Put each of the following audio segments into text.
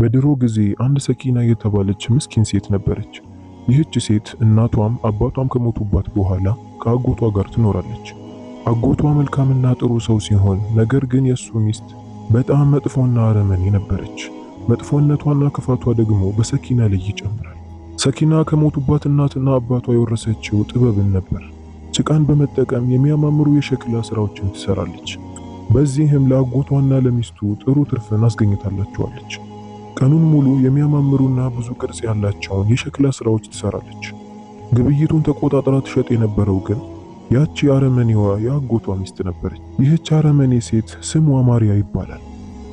በድሮ ጊዜ አንድ ሰኪና የተባለች ምስኪን ሴት ነበረች። ይህች ሴት እናቷም አባቷም ከሞቱባት በኋላ ከአጎቷ ጋር ትኖራለች። አጎቷ መልካምና ጥሩ ሰው ሲሆን፣ ነገር ግን የሱ ሚስት በጣም መጥፎና አረመኔ ነበረች። መጥፎነቷና ክፋቷ ደግሞ በሰኪና ላይ ይጨምራል። ሰኪና ከሞቱባት እናትና አባቷ የወረሰችው ጥበብን ነበር። ጭቃን በመጠቀም የሚያማምሩ የሸክላ ስራዎችን ትሰራለች። በዚህም ለአጎቷና ለሚስቱ ጥሩ ትርፍን አስገኝታላቸዋለች። ቀኑን ሙሉ የሚያማምሩና ብዙ ቅርጽ ያላቸውን የሸክላ ስራዎች ትሰራለች። ግብይቱን ተቆጣጥራ ትሸጥ የነበረው ግን ያቺ አረመኔዋ የአጎቷ ሚስት ነበረች። ይህች አረመኔ ሴት ስሟ ማሪያ ይባላል።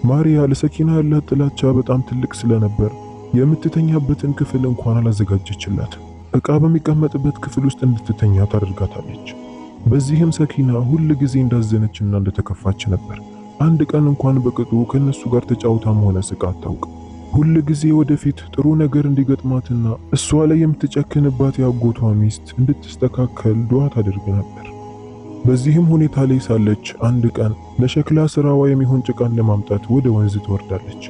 ማሪያ ለሰኪና ያላት ጥላቻ በጣም ትልቅ ስለነበር የምትተኛበትን ክፍል እንኳን አላዘጋጀችላት። እቃ በሚቀመጥበት ክፍል ውስጥ እንድትተኛ ታደርጋታለች። በዚህም ሰኪና ሁል ጊዜ እንዳዘነችና እንደተከፋች ነበር። አንድ ቀን እንኳን በቅጡ ከነሱ ጋር ተጫውታም ሆነ ስቃ አታውቅም። ሁል ጊዜ ወደፊት ጥሩ ነገር እንዲገጥማትና እሷ ላይ የምትጨክንባት ያጎቷ ሚስት እንድትስተካከል ዱዓ ታደርግ ነበር። በዚህም ሁኔታ ላይ ሳለች አንድ ቀን ለሸክላ ስራዋ የሚሆን ጭቃን ለማምጣት ወደ ወንዝ ትወርዳለች።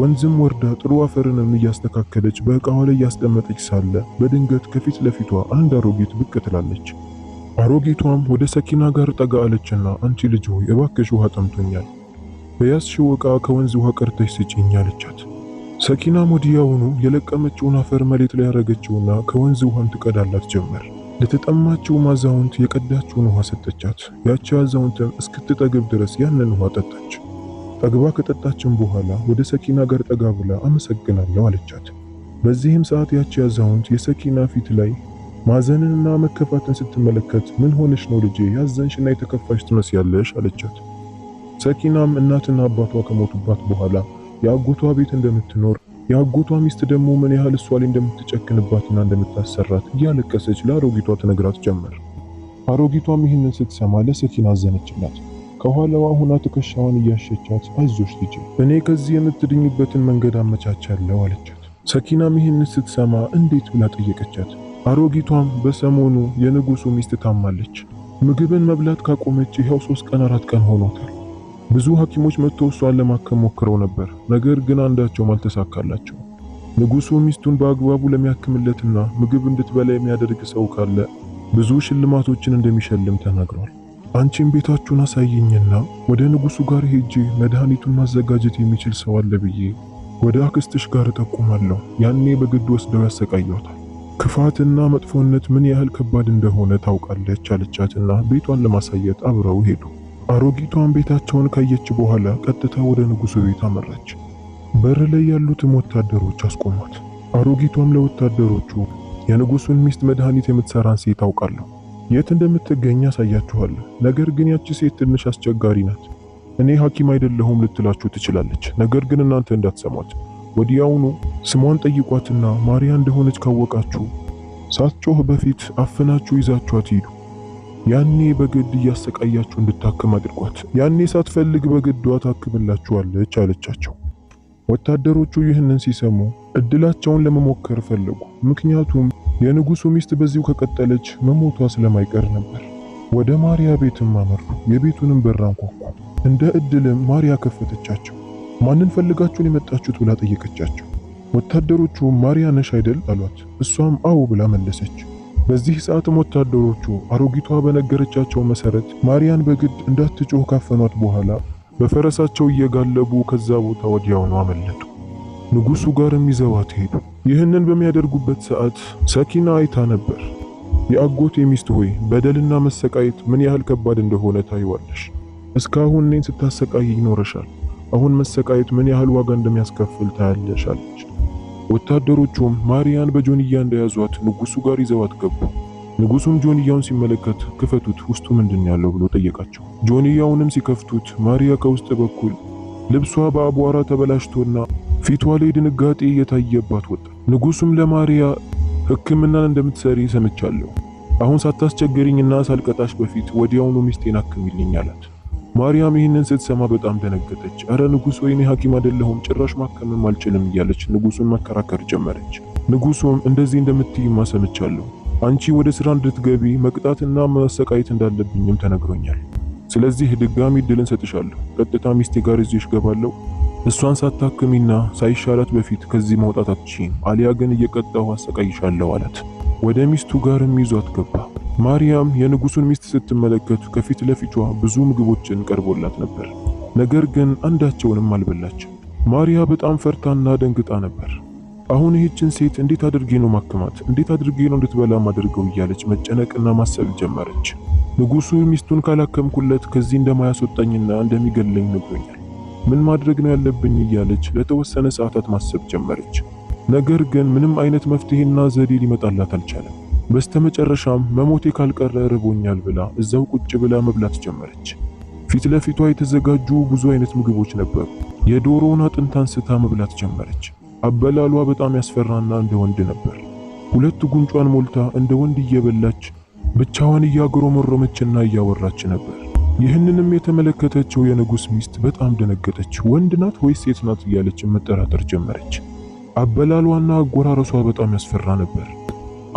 ወንዝም ወርዳ ጥሩ አፈርንም እያስተካከለች በእቃዋ ላይ እያስቀመጠች ሳለ በድንገት ከፊት ለፊቷ አንድ አሮጊት ብቅ ትላለች። አሮጊቷም ወደ ሰኪና ጋር ጠጋ አለችና አንቺ ልጅ ሆይ እባክሽ ውሃ ጠምቶኛል፣ በያዝሽው እቃ ከወንዝ ውሃ ቀርተሽ ስጪኝ አለቻት። ሰኪና ወዲያውኑ የለቀመችውን አፈር መሬት ላይ ያረገችውና ከወንዝ ውሃን ትቀዳላት ጀመር። ለተጠማችውም አዛውንት የቀዳችውን ውሃ ሰጠቻት። ያቺ አዛውንትም እስክትጠግብ ድረስ ያንን ውሃ ጠጣች። ጠግባ ከጠጣችም በኋላ ወደ ሰኪና ጋር ጠጋ ብላ አመሰግናለሁ አለቻት። በዚህም ሰዓት ያቺ አዛውንት የሰኪና ፊት ላይ ማዘንንና መከፋትን ስትመለከት ምን ሆነሽ ነው ልጄ ያዘንሽና የተከፋሽ ትመስያለሽ አለቻት። ሰኪናም እናትና አባቷ ከሞቱባት በኋላ የአጎቷ ቤት እንደምትኖር የአጎቷ ሚስት ደግሞ ምን ያህል እሷ ላይ እንደምትጨክንባትና እንደምታሰራት እያለቀሰች ለአሮጊቷ ትነግራት ጀመር። አሮጊቷም ይህንን ስትሰማ ለሰኪና አዘነችላት። ከኋላዋ ሁና ትከሻዋን እያሸቻት አይዞሽ ልጄ፣ እኔ ከዚህ የምትድኝበትን መንገድ አመቻቻለሁ አለቻት። ሰኪናም ይህንን ስትሰማ እንዴት ብላ ጠየቀቻት። አሮጊቷም በሰሞኑ የንጉሱ ሚስት ታማለች፣ ምግብን መብላት ካቆመች ይኸው ሶስት ቀን አራት ቀን ሆኖታል ብዙ ሐኪሞች መጥተው እሷን ለማከም ሞክረው ነበር፣ ነገር ግን አንዳቸውም አልተሳካላቸው። ንጉሱ ሚስቱን በአግባቡ ለሚያክምለትና ምግብ እንድትበላ የሚያደርግ ሰው ካለ ብዙ ሽልማቶችን እንደሚሸልም ተናግሯል። አንቺም ቤታችሁን አሳይኝና ወደ ንጉሱ ጋር ሄጂ መድኃኒቱን ማዘጋጀት የሚችል ሰው አለ ብዬ ወደ አክስትሽ ጋር እጠቁማለሁ። ያኔ በግድ ወስደው ያሰቃዩታል። ክፋትና መጥፎነት ምን ያህል ከባድ እንደሆነ ታውቃለች አለቻትና ቤቷን ለማሳየት አብረው ሄዱ። አሮጊቷን ቤታቸውን ካየች በኋላ ቀጥታ ወደ ንጉሱ ቤት አመራች። በር ላይ ያሉትም ወታደሮች አስቆሟት። አሮጊቷም ለወታደሮቹ የንጉሱን ሚስት መድኃኒት የምትሰራን ሴት አውቃለሁ፣ የት እንደምትገኝ አሳያችኋለሁ። ነገር ግን ያቺ ሴት ትንሽ አስቸጋሪ ናት። እኔ ሐኪም አይደለሁም ልትላችሁ ትችላለች። ነገር ግን እናንተ እንዳትሰሟት ወዲያውኑ ስሟን ጠይቋትና ማርያ እንደሆነች ካወቃችሁ ሳትጮህ በፊት አፍናችሁ ይዛችኋት ሂዱ። ያኔ በግድ እያሰቃያችሁ እንድታክም አድርጓት። ያኔ ሳትፈልግ በግድዋ ታክምላችኋለች አለቻቸው። ወታደሮቹ ይህንን ሲሰሙ እድላቸውን ለመሞከር ፈለጉ። ምክንያቱም የንጉሱ ሚስት በዚሁ ከቀጠለች መሞቷ ስለማይቀር ነበር። ወደ ማርያ ቤትም አመሩ። የቤቱንም በር አንኳኩ። እንደ እድልም ማርያ ከፈተቻቸው። ማንን ፈልጋችሁን የመጣችሁት ብላ ጠየቀቻቸው። ወታደሮቹ ማርያ ነሽ አይደል አሏት። እሷም አዎ ብላ መለሰች። በዚህ ሰዓትም ወታደሮቹ አሮጊቷ በነገረቻቸው መሰረት ማሪያን በግድ እንዳትጮህ ካፈኗት በኋላ በፈረሳቸው እየጋለቡ ከዛ ቦታ ወዲያውኑ አመለጡ። ንጉሱ ጋርም ይዘዋት ሄዱ። ይህንን በሚያደርጉበት ሰዓት ሰኪና አይታ ነበር። የአጎቴ ሚስት ሆይ በደልና መሰቃየት ምን ያህል ከባድ እንደሆነ ታይዋለሽ። እስካሁን እኔን ስታሰቃይ ኖረሻል። አሁን መሰቃየት ምን ያህል ዋጋ እንደሚያስከፍል ታያለሽ አለች። ወታደሮቹም ማርያን በጆንያ እንደያዟት ንጉሱ ጋር ይዘዋት ገቡ። ንጉሱም ጆንያውን ሲመለከት ክፈቱት፣ ውስጡ ምንድን ያለው ብሎ ጠየቃቸው። ጆንያውንም ሲከፍቱት ማርያ ከውስጥ በኩል ልብሷ በአቧራ ተበላሽቶና ፊቷ ላይ ድንጋጤ እየታየባት ወጣ። ንጉሱም ለማርያ ሕክምናን እንደምትሰሪ ሰምቻለሁ፣ አሁን ሳታስቸግሪኝና ሳልቀጣሽ በፊት ወዲያውኑ ሚስቴን አክሚልኝ አላት። ማርያም ይህንን ስትሰማ በጣም ደነገጠች። እረ ንጉሥ፣ ወይኔ ሐኪም አይደለሁም ጭራሽ ማከምም አልችልም እያለች ንጉሱን መከራከር ጀመረች። ንጉሱም እንደዚህ እንደምትይማ ሰምቻለሁ። አንቺ ወደ ስራ እንድትገቢ መቅጣትና መሰቃየት እንዳለብኝም ተነግሮኛል። ስለዚህ ድጋሚ እድል ሰጥሻለሁ ቀጥታ ሚስቴ ጋር እዚሽ ገባለሁ። እሷን ሳታክሚና ሳይሻላት በፊት ከዚህ መውጣት አትችይም፣ አሊያ ግን እየቀጣሁ አሰቃይሻለሁ አላት። ወደ ሚስቱ ጋርም ይዟት ገባ። ማርያም የንጉሱን ሚስት ስትመለከት ከፊት ለፊቷ ብዙ ምግቦችን ቀርቦላት ነበር። ነገር ግን አንዳቸውንም አልበላችም። ማርያ በጣም ፈርታና ደንግጣ ነበር። አሁን ይህችን ሴት እንዴት አድርጌ ነው ማከማት፣ እንዴት አድርጌ ነው እንድትበላ አድርገው እያለች መጨነቅና ማሰብ ጀመረች። ንጉሱ ሚስቱን ካላከምኩለት ከዚህ እንደማያስወጣኝና እንደሚገለኝ ነግሮኛል። ምን ማድረግ ነው ያለብኝ እያለች ለተወሰነ ሰዓታት ማሰብ ጀመረች። ነገር ግን ምንም አይነት መፍትሄና ዘዴ ሊመጣላት አልቻለም። በስተመጨረሻም መሞቴ ካልቀረ ርቦኛል ብላ እዛው ቁጭ ብላ መብላት ጀመረች። ፊት ለፊቷ የተዘጋጁ ብዙ አይነት ምግቦች ነበሩ። የዶሮውን አጥንት አንስታ መብላት ጀመረች። አበላሏ በጣም ያስፈራና እንደ ወንድ ነበር። ሁለት ጉንጯን ሞልታ እንደ ወንድ እየበላች ብቻዋን እያጉረመረመችና እያወራች ነበር። ይህንንም የተመለከተችው የንጉሥ ሚስት በጣም ደነገጠች። ወንድ ናት ወይስ ሴት ናት እያለች መጠራጠር ጀመረች። አበላሏና አጎራረሷ በጣም ያስፈራ ነበር።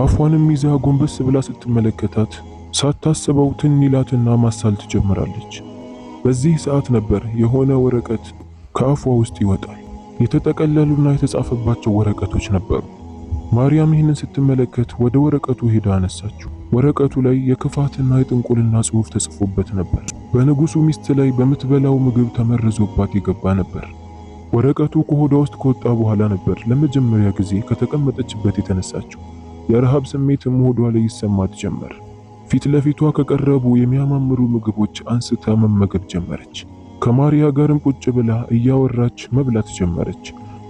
አፏንም ይዛ ጎንበስ ብላ ስትመለከታት ሳታስበው ትንላትና ማሳል ትጀምራለች። በዚህ ሰዓት ነበር የሆነ ወረቀት ከአፏ ውስጥ ይወጣል። የተጠቀለሉና የተጻፈባቸው ወረቀቶች ነበሩ። ማርያም ይህንን ስትመለከት ወደ ወረቀቱ ሄዳ አነሳችው። ወረቀቱ ላይ የክፋትና የጥንቁልና ጽሑፍ ተጽፎበት ነበር። በንጉሱ ሚስት ላይ በምትበላው ምግብ ተመርዞባት የገባ ነበር። ወረቀቱ ከሆዷ ውስጥ ከወጣ በኋላ ነበር ለመጀመሪያ ጊዜ ከተቀመጠችበት የተነሳችው። የረሃብ ስሜትም ሆዷ ላይ ይሰማት ጀመር። ፊት ለፊቷ ከቀረቡ የሚያማምሩ ምግቦች አንስታ መመገብ ጀመረች። ከማሪያ ጋርም ቁጭ ብላ እያወራች መብላት ጀመረች።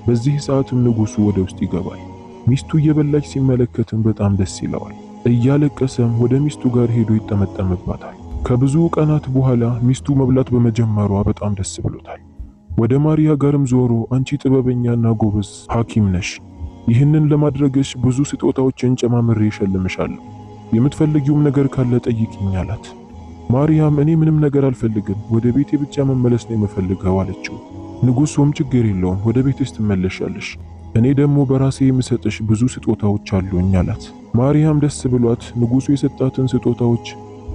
በዚህ ሰዓትም ንጉሱ ወደ ውስጥ ይገባል። ሚስቱ እየበላች ሲመለከትም በጣም ደስ ይለዋል። እያለቀሰም ወደ ሚስቱ ጋር ሄዶ ይጠመጠምባታል። ከብዙ ቀናት በኋላ ሚስቱ መብላት በመጀመሯ በጣም ደስ ብሎታል። ወደ ማሪያ ጋርም ዞሮ አንቺ ጥበበኛና ጎበዝ ሐኪም ነሽ ይህንን ለማድረግሽ ብዙ ስጦታዎችን ጨማምሬ እሸልምሻለሁ። የምትፈልጊውም ነገር ካለ ጠይቂኝ አላት። ማርያም እኔ ምንም ነገር አልፈልግም፣ ወደ ቤቴ ብቻ መመለስ ነው የምፈልገው አለችው። ንጉሱም ችግር የለውም ወደ ቤትሽ ትመለሻለሽ፣ እኔ ደግሞ በራሴ የምሰጥሽ ብዙ ስጦታዎች አሉኝ አላት። ማርያም ደስ ብሏት ንጉሱ የሰጣትን ስጦታዎች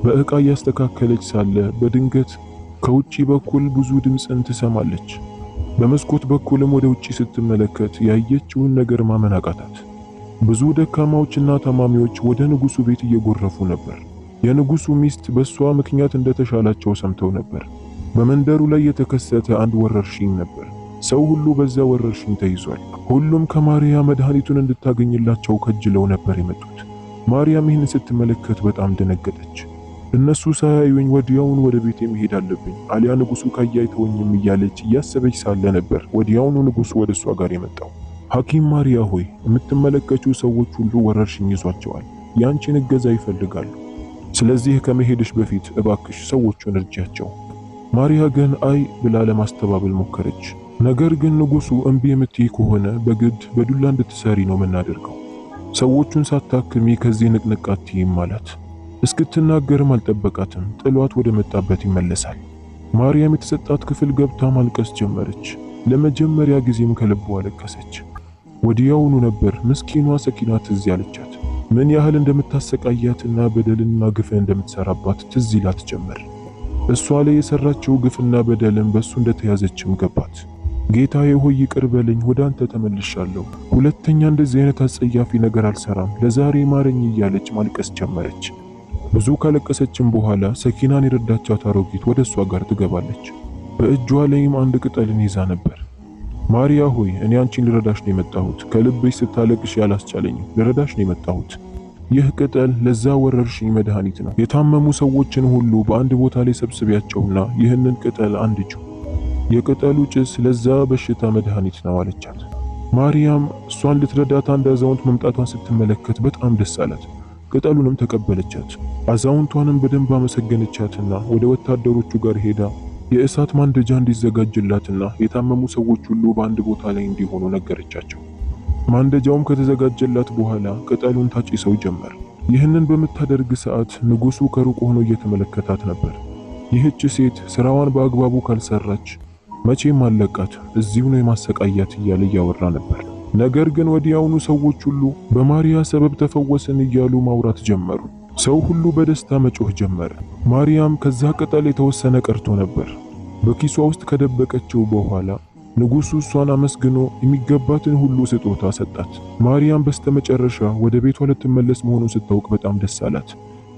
በእቃ እያስተካከለች ሳለ በድንገት ከውጪ በኩል ብዙ ድምፅን ትሰማለች። በመስኮት በኩልም ወደ ውጪ ስትመለከት ያየችውን ነገር ማመን አቃታት። ብዙ ደካማዎችና ታማሚዎች ወደ ንጉሱ ቤት እየጎረፉ ነበር። የንጉሱ ሚስት በሷ ምክንያት እንደተሻላቸው ሰምተው ነበር። በመንደሩ ላይ የተከሰተ አንድ ወረርሽኝ ነበር። ሰው ሁሉ በዛ ወረርሽኝ ተይዟል። ሁሉም ከማርያ መድኃኒቱን እንድታገኝላቸው ከጅለው ነበር የመጡት። ማርያም ይህን ስትመለከት በጣም ደነገጠች። እነሱ ሳያዩኝ ወዲያውኑ ወደ ቤቴ መሄድ አለብኝ፣ አሊያ ንጉሱ ካየ እያለች እያሰበች ሳለ ነበር ወዲያውኑ ንጉሱ ወደ እሷ ጋር የመጣው። ሐኪም ማርያ ሆይ የምትመለከችው ሰዎች ሁሉ ወረርሽኝ ይዟቸዋል፣ ያንቺን እገዛ ይፈልጋሉ። ስለዚህ ከመሄድሽ በፊት እባክሽ ሰዎቹን እርጃቸው። ማርያ ግን አይ ብላ ለማስተባበል ሞከረች። ነገር ግን ንጉሱ እምቢ የምትይ ከሆነ በግድ በዱላ እንድትሰሪ ነው የምናደርገው። ሰዎቹን ሳታክሚ ከዚህ ንቅንቅ አትይም አላት። እስክትናገርም አልጠበቃትም። ጥሏት ወደ መጣበት ይመለሳል። ማርያም የተሰጣት ክፍል ገብታ ማልቀስ ጀመረች። ለመጀመሪያ ጊዜም ከልቧ አለቀሰች። ወዲያውኑ ነበር ምስኪኗ ሰኪና ትዝ ያለቻት። ምን ያህል እንደምታሰቃያትና በደልና ግፍ እንደምትሰራባት ትዝ ይላት ጀመር። እሷ ላይ የሰራችው ግፍና በደልን በእሱ እንደተያዘችም ገባት። ጌታዬ ሆይ ይቅር በለኝ፣ ወደ አንተ ተመልሻለሁ፣ ሁለተኛ እንደዚህ አይነት አጸያፊ ነገር አልሰራም፣ ለዛሬ ማረኝ እያለች ማልቀስ ጀመረች። ብዙ ካለቀሰችም በኋላ ሰኪናን የረዳቻት አሮጊት ወደ እሷ ጋር ትገባለች። በእጇ ላይም አንድ ቅጠልን ይዛ ነበር። ማሪያ ሆይ እኔ አንቺን ልረዳሽ ነው የመጣሁት። ከልብሽ ስታለቅሽ ያላስቻለኝም ልረዳሽ ነው የመጣሁት። ይህ ቅጠል ለዛ ወረርሽኝ መድኃኒት ነው። የታመሙ ሰዎችን ሁሉ በአንድ ቦታ ላይ ሰብስቢያቸውና ይህንን ቅጠል አንድጁ። የቅጠሉ ጭስ ለዛ በሽታ መድኃኒት ነው አለቻት። ማርያም እሷን ልትረዳት አንድ አዛውንት መምጣቷን ስትመለከት በጣም ደስ አላት። ቅጠሉንም ተቀበለቻት። አዛውንቷንም በደንብ አመሰገነቻትና ወደ ወታደሮቹ ጋር ሄዳ የእሳት ማንደጃ እንዲዘጋጅላትና የታመሙ ሰዎች ሁሉ በአንድ ቦታ ላይ እንዲሆኑ ነገረቻቸው። ማንደጃውም ከተዘጋጀላት በኋላ ቅጠሉን ታጭሰው ጀመር። ይህንን በምታደርግ ሰዓት ንጉሱ ከሩቅ ሆኖ እየተመለከታት ነበር። ይህች ሴት ስራዋን በአግባቡ ካልሰራች መቼም አለቃት፣ እዚሁ ነው የማሰቃያት እያለ እያወራ ነበር። ነገር ግን ወዲያውኑ ሰዎች ሁሉ በማርያ ሰበብ ተፈወስን እያሉ ማውራት ጀመሩ። ሰው ሁሉ በደስታ መጮህ ጀመረ። ማርያም ከዛ ቅጠል የተወሰነ ቀርቶ ነበር። በኪሷ ውስጥ ከደበቀችው በኋላ ንጉሡ እሷን አመስግኖ የሚገባትን ሁሉ ስጦታ ሰጣት። ማርያም በስተመጨረሻ ወደ ቤቷ ልትመለስ መሆኑን ስታውቅ በጣም ደስ አላት።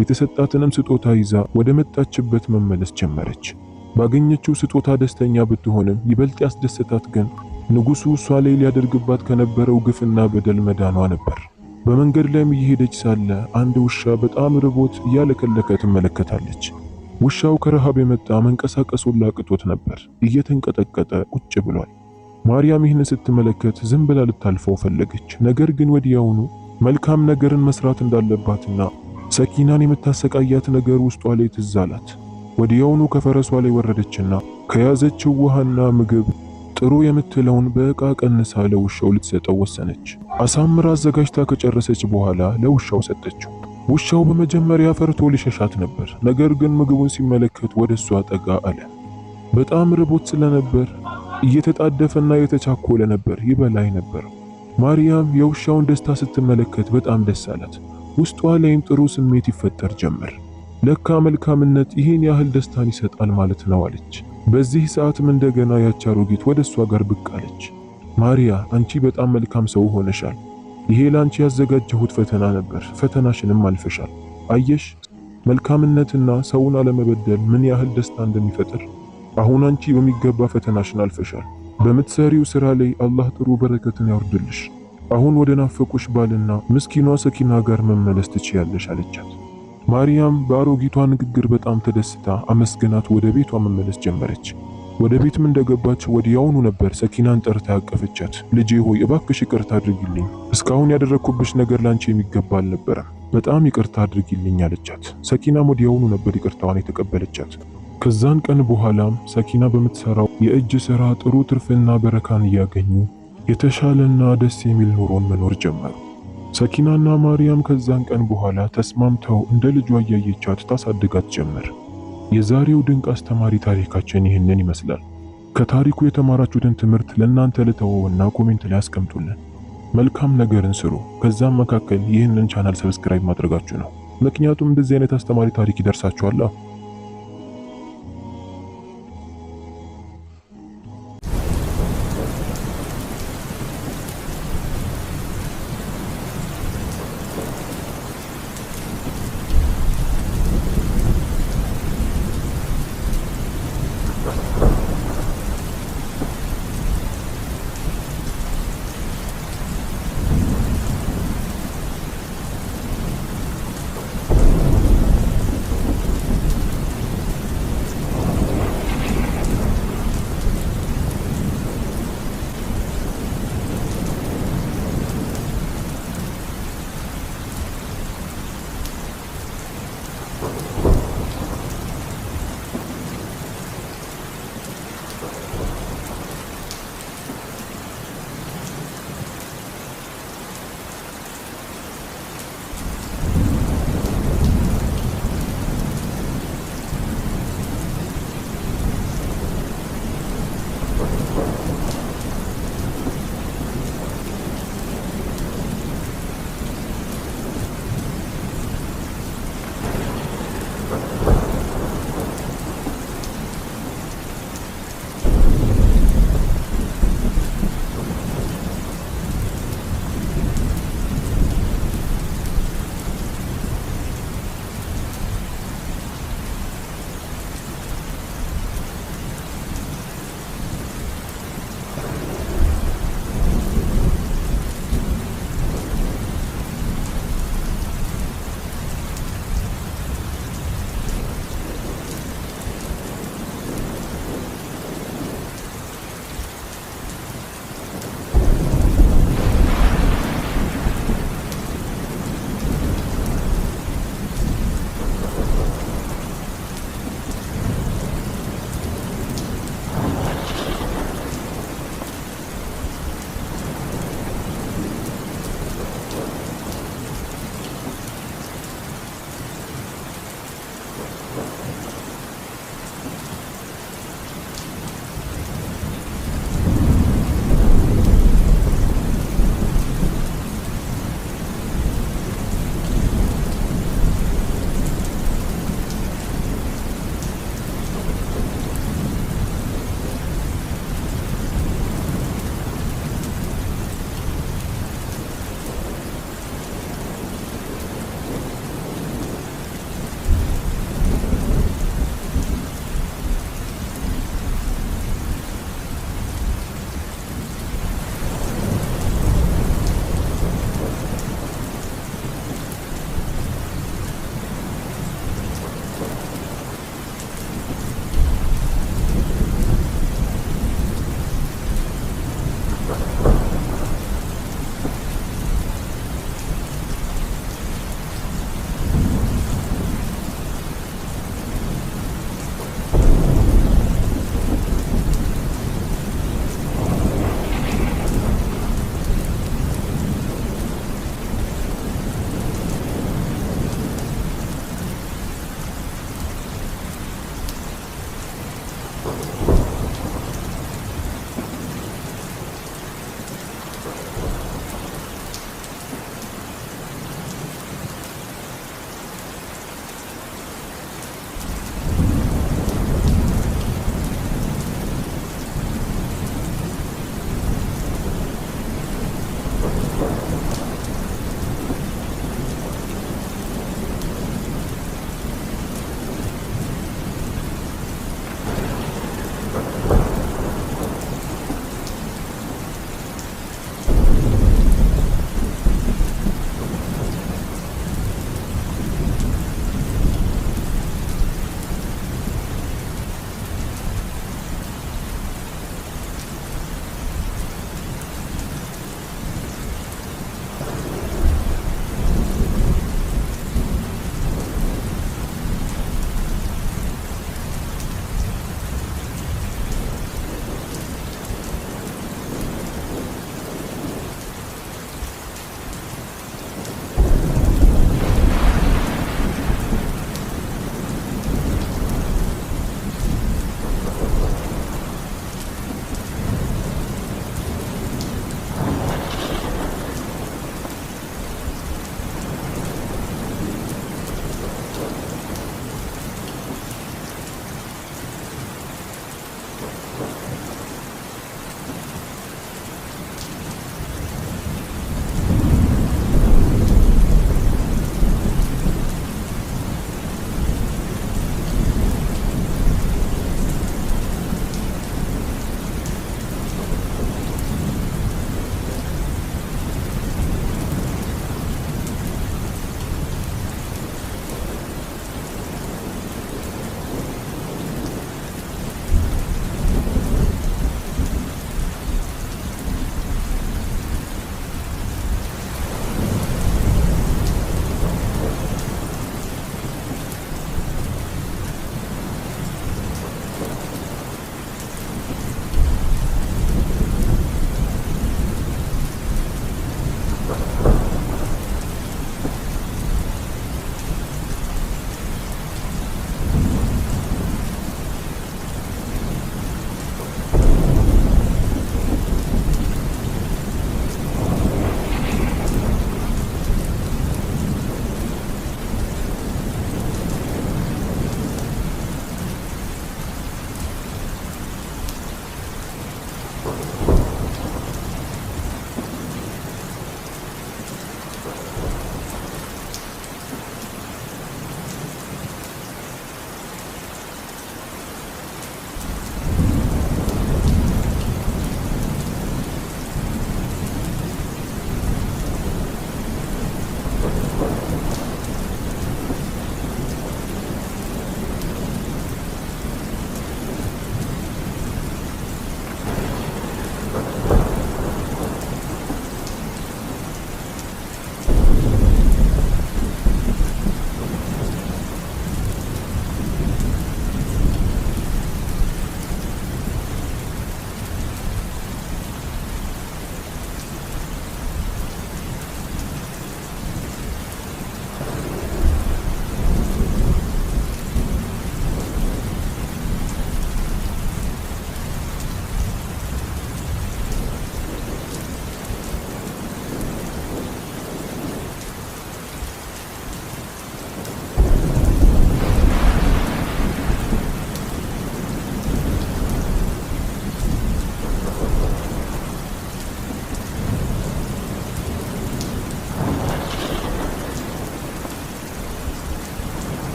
የተሰጣትንም ስጦታ ይዛ ወደ መጣችበት መመለስ ጀመረች። ባገኘችው ስጦታ ደስተኛ ብትሆንም ይበልጥ ያስደሰታት ግን ንጉሡ እሷ ላይ ሊያደርግባት ከነበረው ግፍና በደል መዳኗ ነበር። በመንገድ ላይም እየሄደች ሳለ አንድ ውሻ በጣም ርቦት እያለከለከ ትመለከታለች። ውሻው ከረሃብ የመጣ መንቀሳቀሱን ላቅቶት ነበር፣ እየተንቀጠቀጠ ቁጭ ብሏል። ማርያም ይህን ስትመለከት ዝም ብላ ልታልፈው ፈለገች። ነገር ግን ወዲያውኑ መልካም ነገርን መስራት እንዳለባትና ሰኪናን የምታሰቃያት ነገር ውስጧ ላይ ትዝ አላት። ወዲያውኑ ከፈረሷ ላይ ወረደችና ከያዘችው ውሃና ምግብ ጥሩ የምትለውን በእቃ ቀንሳ ለውሻው ልትሰጠው ወሰነች። አሳምራ አዘጋጅታ ከጨረሰች በኋላ ለውሻው ሰጠችው። ውሻው በመጀመሪያ ፈርቶ ሊሸሻት ነበር። ነገር ግን ምግቡን ሲመለከት ወደ እሷ ጠጋ አለ። በጣም ርቦት ስለነበር እየተጣደፈና እየተቻኮለ ነበር ይበላይ ነበር። ማርያም የውሻውን ደስታ ስትመለከት በጣም ደስ አላት። ውስጧ ላይም ጥሩ ስሜት ይፈጠር ጀመር። ለካ መልካምነት ይህን ያህል ደስታን ይሰጣል ማለት ነው አለች። በዚህ ሰዓትም እንደገና ያች አሮጊት ወደ እሷ ጋር ብቅ አለች። ማርያ አንቺ በጣም መልካም ሰው ሆነሻል። ይሄ ላንቺ ያዘጋጀሁት ፈተና ነበር። ፈተናሽንም አልፈሻል። አየሽ መልካምነትና ሰውን አለመበደል ምን ያህል ደስታ እንደሚፈጥር። አሁን አንቺ በሚገባ ፈተናሽን አልፈሻል። በምትሰሪው ስራ ላይ አላህ ጥሩ በረከትን ያወርድልሽ። አሁን ወደ ናፈቁሽ ባልና ምስኪኗ ሰኪና ጋር መመለስ ትችያለሽ አለቻት። ማርያም በአሮጊቷ ንግግር በጣም ተደስታ አመስግናት ወደ ቤቷ መመለስ ጀመረች። ወደ ቤትም እንደገባች ወዲያውኑ ነበር ሰኪናን ጠርታ ያቀፈቻት። ልጄ ሆይ እባክሽ ይቅርታ አድርጊልኝ፣ እስካሁን ያደረግኩብሽ ነገር ላንቺ የሚገባ አልነበረም፣ በጣም ይቅርታ አድርጊልኝ አለቻት። ሰኪናም ወዲያውኑ ነበር ይቅርታዋን የተቀበለቻት። ከዛን ቀን በኋላም ሰኪና በምትሰራው የእጅ ሥራ ጥሩ ትርፍና በረካን እያገኙ የተሻለና ደስ የሚል ኑሮን መኖር ጀመሩ። ሰኪናና ማርያም ከዛን ቀን በኋላ ተስማምተው እንደ ልጇ እያየቻት ታሳድጋት ጀመር። የዛሬው ድንቅ አስተማሪ ታሪካችን ይህንን ይመስላል። ከታሪኩ የተማራችሁትን ትምህርት ለእናንተ ልተወውና ኮሜንት ላይ አስቀምጡልን። መልካም ነገርን ስሩ። ከዛም መካከል ይህንን ቻናል ሰብስክራይብ ማድረጋችሁ ነው። ምክንያቱም እንደዚህ አይነት አስተማሪ ታሪክ ይደርሳችኋል።